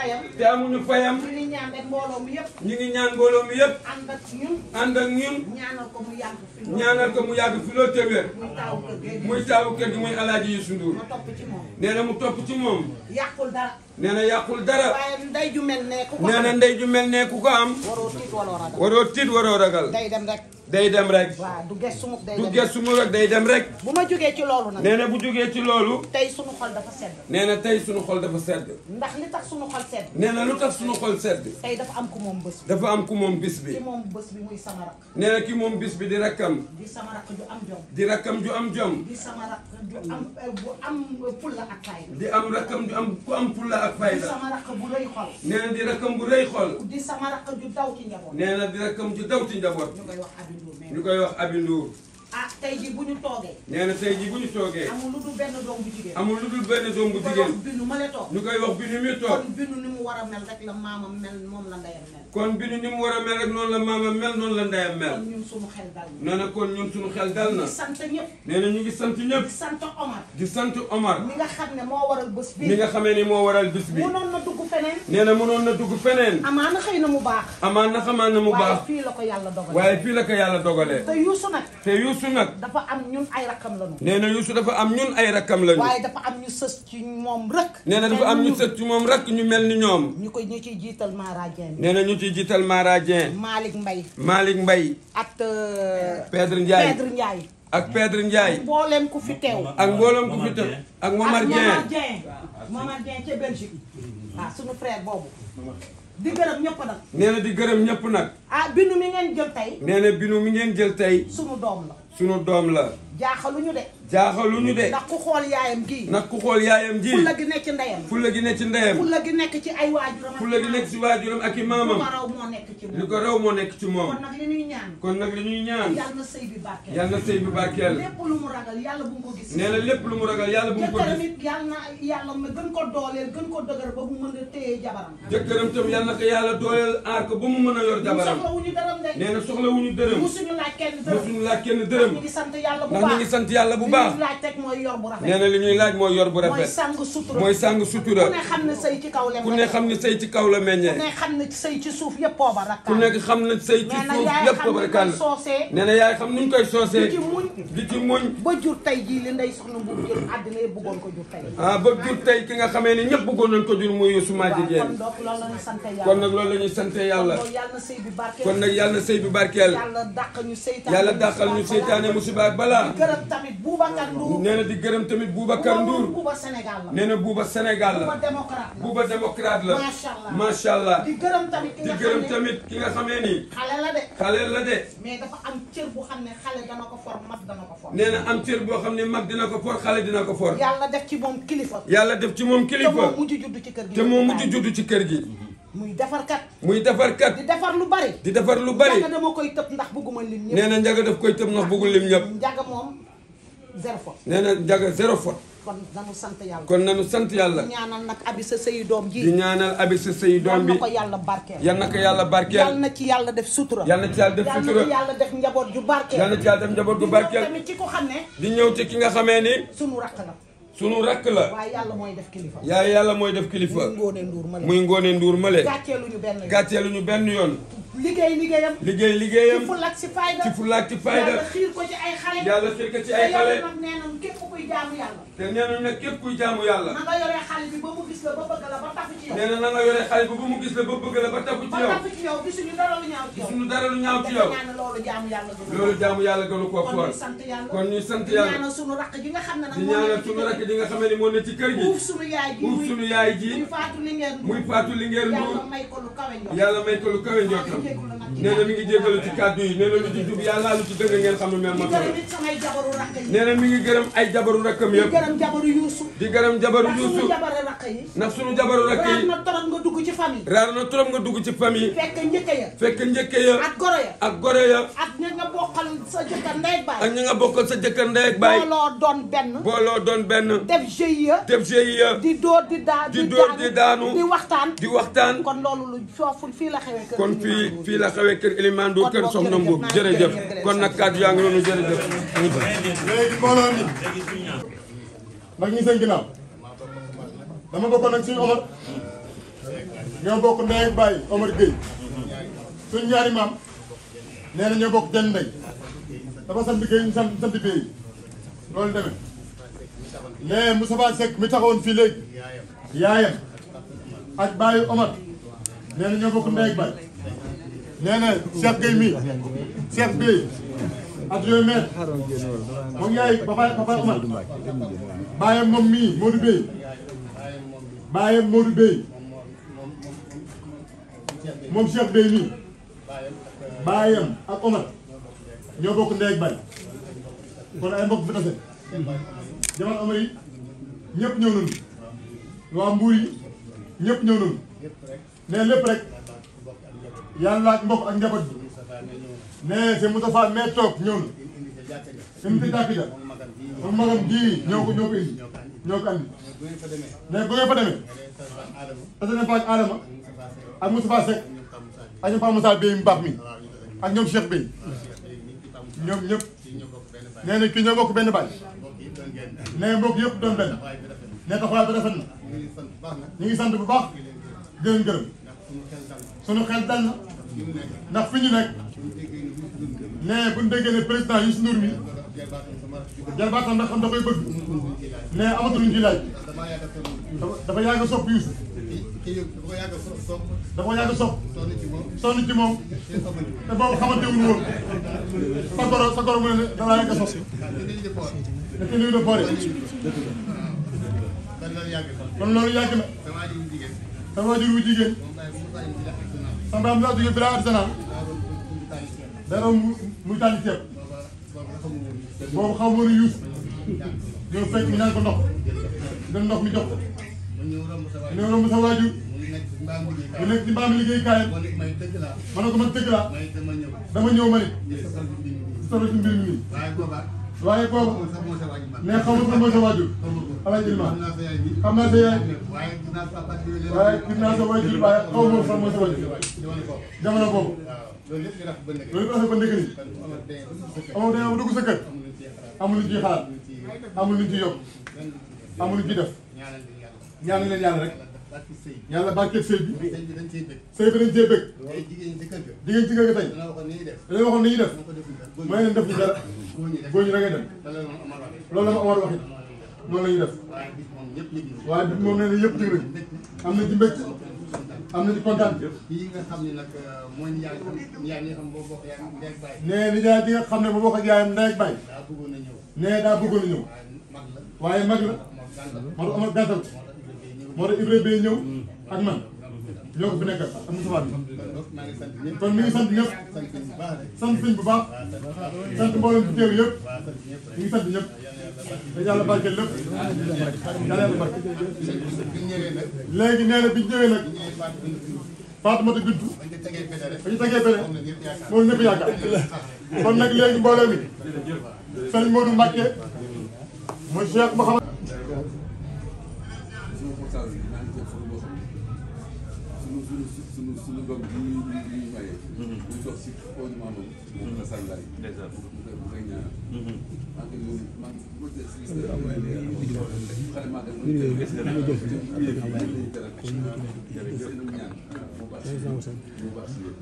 fayam. te amuñu fayam. ñu ngi ñaan rek mbooloo mi yëpp. ñu ngi ñaan mbooloo mi yëpp. ànd ak ñun. ànd ak ñun. ñaanal ko mu yàgg fi loolu. ñaanal ko mu yàgg fi loolu téeméer. muy taawu kër gi muy alaaji Youssou Ndour. mu topp ci moom. nee na mu topp ci moom. yàqul dara. nee na yàqul dara. waaye ndey ju mel ne ku ko am. nee na ndey ju mel ne ku ko am. waroo tiit waroo ragal. waroo tiit waroo ragal. day dem rek. day dem rek. waaw du ges mu day dem rek du day dem rek. bu ma jógee ci loolu nag. nee na bu jógee ci loolu. tey sunu xol dafa sedd. nee na tey suñu xol dafa sedd. ndax li tax sunu xol sedd. nee na lu tax sunu xol sedd. tey dafa am ku moom bés bi. am ku moom bis bi. ki moom bés bi muy sama nee na ki moom bis bi di rakkam. di sama rakk ju am jom. di rakkam ju am jom. di sama rakk ju am eh, bu am pulla eh, ak fayda. di am rakkam ju am ku am pulla ak fayda. di sama rakk bu rëy xol. nee na di rakkam bu rëy xol. di sama rakk ju daw ci njaboot. nee na di rakkam ju daw ci njaboot. ñu koy wax ñu koy wax Aby ah jii bu ñu toogee. nee na tey jii bu ñu toogee. amul lu dul benn doom bu jigéen. amul lu dul benn toog. ñu koy wax binu mi toog. kon binu moom la ndeyam kon binu ni mu war a mel rek noonu la noonu la ndeyam mel. kon ñun suñu xel dal na. nee na kon ñun na. di ñëpp. nee na ñu ngi sant ñëpp. di sant Omar. sant Omar. mi xam ne moo waral bés bi. nga xamee ni moo waral bés bi. mënoon na dugg feneen. nee na mënoon na dugg feneen. amaan xëy na mu baax. amaan na xamaan na mu baax. waaye fii la ko yàlla dogalee. waaye fii la yàlla dogalee. te Youssou nag. te Youssou Youssou nag. dafa am ñun ay rakam nee na Youssou dafa am ñun ay rakam lañu. dafa am ñu sës ci moom rek. nee na dafa am ñu moom rek ñu mel ni ñoom. ñu koy ñu ciy jiital Mara nee na ñu ciy jiital Mara Dieng. Malick Mbaye. Malick Mbaye. ak. Euh, Pedre Ndiaye Pedre Ndiaye. ak Pedre ak mboolem ku fi teew. ak ku fi teew ak Momar ak Momar Dieng. Momar Dieng ah, boobu. di gërëm ñëpp nag. nee na di gërëm ñëpp nag. ah binu mi ngeen jël tey. nee na binu mi ngeen jël tey. sunu doom la. sunu doom la. jaaxaluñu de. jaaxaluñu de. ndax ku xool yaayam ji. ndax ku xool yaayam ji. fulla gi ci ndeyam. fulla gi nekk ci ndeyam. fulla gi nekk ci ay waajuram. ak i maamam. li ko raw moo nekk ci moom. kon nag li ñuy ñaan. kon nag li ñuy ñaan. yàlla na sëy bi barkeel. lépp lu mu ragal yàlla bu mu ko gis. nee na lépp lu mu ragal yàlla bu mu ko gis. jëkkëram it yàlla na mu mën a téye jabaram. jëkkëram tam yàlla ko yàlla dooleel aar ko ba mu mën a yor jabaram. nee na soxlawuñu dërëm. musuñu laaj kenn dërëm. musuñu kenn dërëm. ndax ñu ngi sant yàlla bu baax waaw li ñuy laaj mooy yor bu rafet. mooy sàng sutura ku ne xam ne sëy ci kaw la meññee ku ne xam ne sëy ci suuf yëpp pooba rakkaan. ku ne xam ne sëy ci suuf yëpp pooba rakkaan ko jur tey. ah ba jur tey ki nga kon nag yàlla. kon bi barkeel. yàlla dàqal ñu seytaane musiba balaa Boubacar Ndour nee na di gërëm tamit Boubacar Ndour Bouba Sénégal la nee na Bouba Sénégal la Bouba démocrate la Bouba démocrate la macha allah macha allah di gërëm tamit gërëm tamit ki nga xamee ni xale la de xale la de mais dafa am cër bu xam ne xale dana ko for mag dana ko for nee na am boo xam ne mag dina ko for xale dina ko for yàlla def ci moom kilifa yàlla def ci moom kilifa te moo mujj ci kër gi te moo mujj judd ci kër gi muy defarkat muy defarkat di defar lu bari di defar lu bari njaga dama koy tëb ndax bëgguma lim ñëpp nee na njaga daf koy tëb ndax bëggul zéro faute nee na jaga zéro faute kon nanu sant yàlla kon nanu sant yàlla di ñaanal nag abi sa sëy doom ji di ñaanal abi sa sëy doom bi yal ko yàlla barkeel yal na yàlla barkeel yal na ci yàlla def sutura yal na ci yàlla def sutura yàlla def njaboot ju barkeel yal na ci yàlla def njaboot ju barkeel di ñëw tamit ci ko xam ne di ñëw ci ki nga xamee ni sunu la sunu rakk la waaye yàlla mooy def kilifa. yaa yàlla mooy def kilifa muy ngóone nduur male muy ngóone nduur male. gàcceeluñu benn yoon ñu benn yoon. liggéey liggéeyam. liggéey liggéeyam ci fulaak ci fayda ci fulaak ci fayda. yàlla xiir ko ci ay xale. yàlla xiir ko ci ay xale te yow nag nee nañu képp yàlla. te nee nañu nag képp kuy jaamu yàlla. na nga yore xale bi ba mu gis la ba bëgg la ba tafu ci yow. nee na na nga yore xale bi ba mu gis la ba bëgg la ba tafu ci yow. nu dara lu ñaaw ci yow loolu jaamu yàlla gënu loolu jaamu yàlla gënu ko foor kon ñu sant yàlla di ñaanal sunu rakk ji nga xam ne nag di ñaanal sunu rakk ji nga xam ne moo ne ci kër gi uuf sunu yaay ji uuf sunu yaay ji muy faatu li ngeen muy faatu li ngeen yàlla may ko lu kawe njot yàlla may ko lu kawe njottam nee na mi ngi jégalu ci kàddu yi nee na lu ci jub yàlla lu ci dëgg ngeen xam ne mel ma nee na mi ngi gërëm ay jabaru rakkam yëpp di gërëm jabaru yuusu di gërëm jabaru yuusu ndax sunu jabaru rakk yi raar na torop nga dugg ci famille raar na torop nga dugg ci famille fekk njëkk ya fekk njëkk ya ya ak goro ya ak goro ya ak ñi nga bokkal sa jëkkër ndey ak baay sa jëkkër ndey ak baay booloo doon benn booloo doon benn def GIE di dóor di daa di dóor di daanu di waxtaan di waxtaan kon loolu lu foofu fii la xewee kër kon fii la xewee kër Elimane Ndour kër Soxna Mbour jërëjëf kon nag kàddu yaa ngi noonu jërëjëf léegi mbooloo mi ndax ñi ñoo bokk baay suñ ñaari maam nee na ñoo bokk jënd ndey dafa sant géej ñu sant sant béy loolu demee mais Moustapha Seck mi taxawoon fii léegi yaayam ak baayu Omar nee na ñoo bokk ndey ak baay nee na Cheikh Gueye mii Cheikh Gueye ak yooyu maire moom yaay papa papa Omar baayam moom mii Modou Bey baayam Modou Bey moom Cheikh Gueye mii. baayam ak Omar ñoo bokk ndey ak baay kon ay mbokk fi tase jaman Omar yi ñëpp ñëw nañu waa Mbuur yi ñëpp ñëw nañu ne lépp rek yàlla ak mbokk ak njaboot bi si Moustapha mais toog ñëw na indi si jàkk ja moom magam bii ñoo ko ñoo ko indi ñoo ko andi ne bu ngeen fa demee tase ne fa ak ñoom Cheikh Bey ñoom ñëpp nee na kii ñoo bokk benn baay nee mbokk yëpp doon benn nee taxawaay bi rafet na ñu ngi sant bu baax di leen gërëm sunu xel dal na ndax fi ñu nekk nee bu ñu déggee ne président Youssou Ndour mi jarbaatam nag xam da koy bëgg nee amatuñu ci laaj dafa yàgg a sopp Youssou da koo yàgg a sopp da koo yàgg a sopp sonn ci moom sonn ci moom te boobu xamante wuñu woon sa goro sa goro mu ne da laa yàgg a sopp da ci nuyu de foore kon loolu yàgg na sa waajur wu jigéen sa mbaay mu laa jógee bi laa at sanaan dara muy tàlli ceeb boobu xaw ma woon yuus ñëw fekk ñu naan ko ndox jël ndox mi jox ko mu ñëw mu sa waajur mu nekk ci mbaamu liggéeykaay mu nekk ma ne dëgg laa ma ne ko man dëgg laa dama ñëw dama ñëw ma ne solo ci mbir mi nii waaye booba waaye booba ne xamul sax mooy sa waajur alaaj ilma xam naa sa yaay waaye gis naa sa waajur waaye xaw ma sax mooy sa waajur jamono boobu loolu lépp nga ba ndëkk nii amul dañoo dugg sa kër amul lu ciy xalaat amul lu ciy yokk def ñaan leen yàlla rek yàlla barkeel bi sëy bi dañ cee bëgg sëy bi dañ cee bëgg jigéen ci kër ga jigéen ci kër ga tey dana waxoon ni ñuy def dana waxoon ni ñuy def may leen def ñu dara góor ñi da ngay dem loolu la ma Omar waxee noonu la ñuy def waaye moom nee na yëpp jig nañ am na ci mbégte na ci kontaan yi xam ne nag euh, mooy boo bokk yaay ndey ak baay nee nijaay ne boo bokk yaayam ndey ak baay nee daa bëggoon a ñëw waaye mag la moo tax Omar moo tax Ibrahima bay ñëw ak man ñoo ko fi nekkal ak Moussa bi kon mi ngi sant ñëpp sant sëñ bu baax sant mboolem bu teew yëpp mi ngi sant ñëpp te yàlla barkeel lépp yàlla yàlla barkeel léegi nee na bi ñu ñëwee nag Faatumata Bintu ba ñu tegee pere moom ñëpp yaakaar kon nag léegi suñu suñu doom bi ñu ñu ñu maye. bu mhm. dox si kaw ñu maamam. moom la sàngaay. dèjà bu bu koy ñaanal. maa ngi leen man bu dee si si am na ay xale maa ngi leen di gërëm ñu ngi leen di gërëm ñu ngi leen di gërëm ñaan bu baax si bu baax si léegi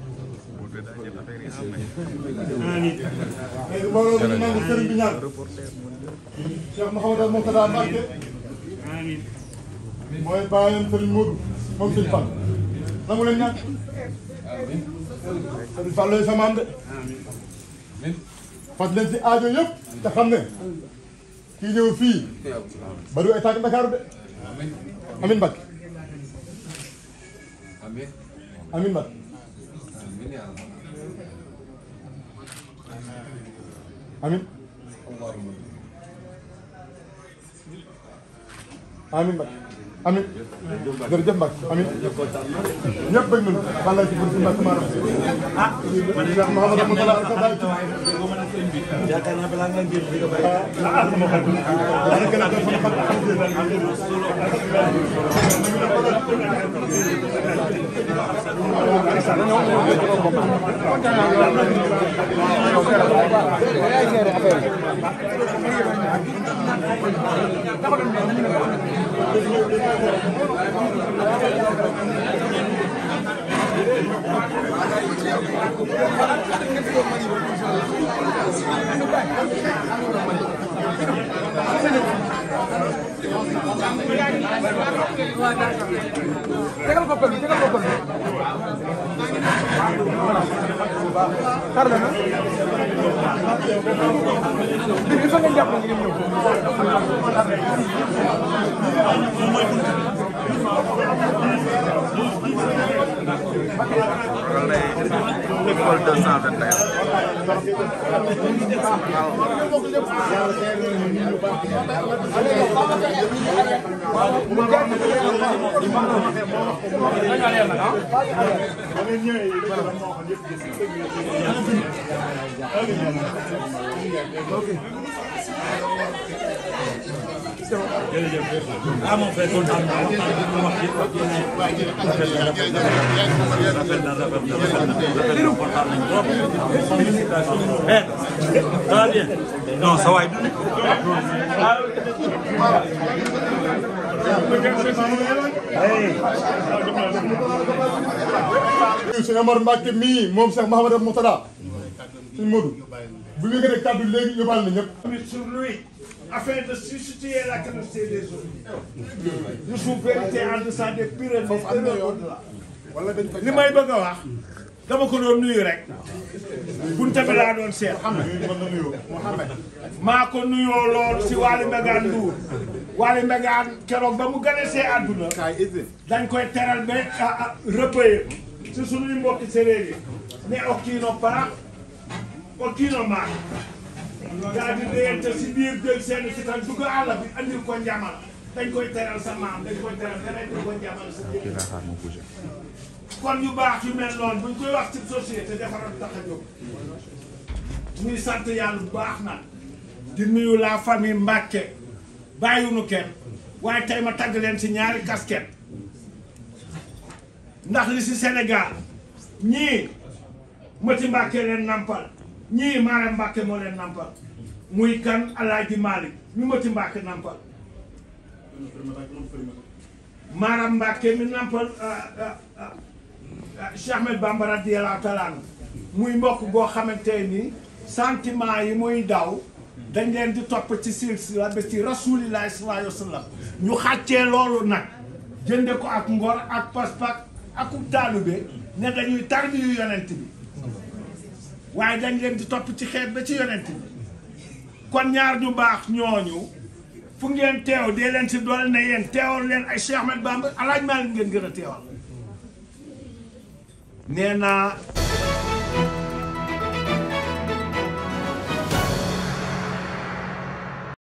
mbooloo mi nangu sëriñ bi ñaan Cheikh Mouhamadou Moustapha Mbacké mooy bàyyam sëriñ Modou moom sëriñ Fall na mu leen ñàkk. si aajo yëpp. te xam ne kii ñëw fii. ba du état Dakar de. amiin Mbacke. amiin. amiin Mbacke. amiin. amiin Mbacke. amin jërëjëf Mbacke amin ñëpp bëgg nañu wàllay ci bur si Mbacke Maram ah Cheikh Mouhamadou Moutala yaakaar naa balaa nga mbir bi nga bàyyi ah, ah sama xarit dana gën a def sama xarit bokkal bi tegal bokkal bi xar la na bi il faut ngeen jàpp ngeen ñëw école 221 waaw Okay. ah mon frère kontaan naa wax yëpp wax yëpp wax yëpp rafet na rafet na rafet na rafet na kontaan nañu trop. félicitations mon frère. ça va bien. non sa waay. sëñ Amar Mbacke mii moom Cheikh Mouhamadou Mourtada. sëñ Modou. bu ñu yëgee kàddu léegi yóbbaale na ñëpp. afin de susciter la wala dañ ko li may bëgg wax. dama ko doon nuyu rek. bunte bi laa doon seet. Mouhamed maa ko nuyoo lool si Waly Mbegaan Ndour. keroog ba mu gane see àdduna. dañ koy teral ba ah repayer. si suñuy mbokki séeréer ne okkiino para okkiino maak daa di deente si biir jël seen si tan dugg àll bi andil ko njamal dañ koy teral sa maam dañ koy teral kon yu baax yu mel noonu buñ koy wax ci société defaral tax a jóg ñuy sant yàlla bu baax nag di nuyu la famille Mbàkke bàyyiwuñu kenn waaye tey ma tagg leen si ñaari casquette ndax li si Sénégal ñii Mati Mbàkke leen nampal ñii Maara Mbàkke moo leen nampal muy kan Alaaji Maalik ñu ma ci Mbàkke nampal Maara Mbàkke mi nampal ah, ah, ah, Cheikh Ahmed Bamba radiyallaahu taala anhu muy mbokk boo xamante ni sentiment yi muy daw dañ leen di topp ci silsila ba ci rasuulillaahi sallallaahu alayhi wa sallam ñu xàccee loolu nag jënde ko ak ngor ak pas-pas ak taalube ne dañuy tarbiyu yonent bi waaye dañ leen di topp ci xeet ba ci yonent kon ñaar ñu baax ñooñu fu ngeen teew dee leen si doole na yéen teewal leen ay Cheikh Ahmed Bamba alaaj maa leen ngeen gën a teewal nee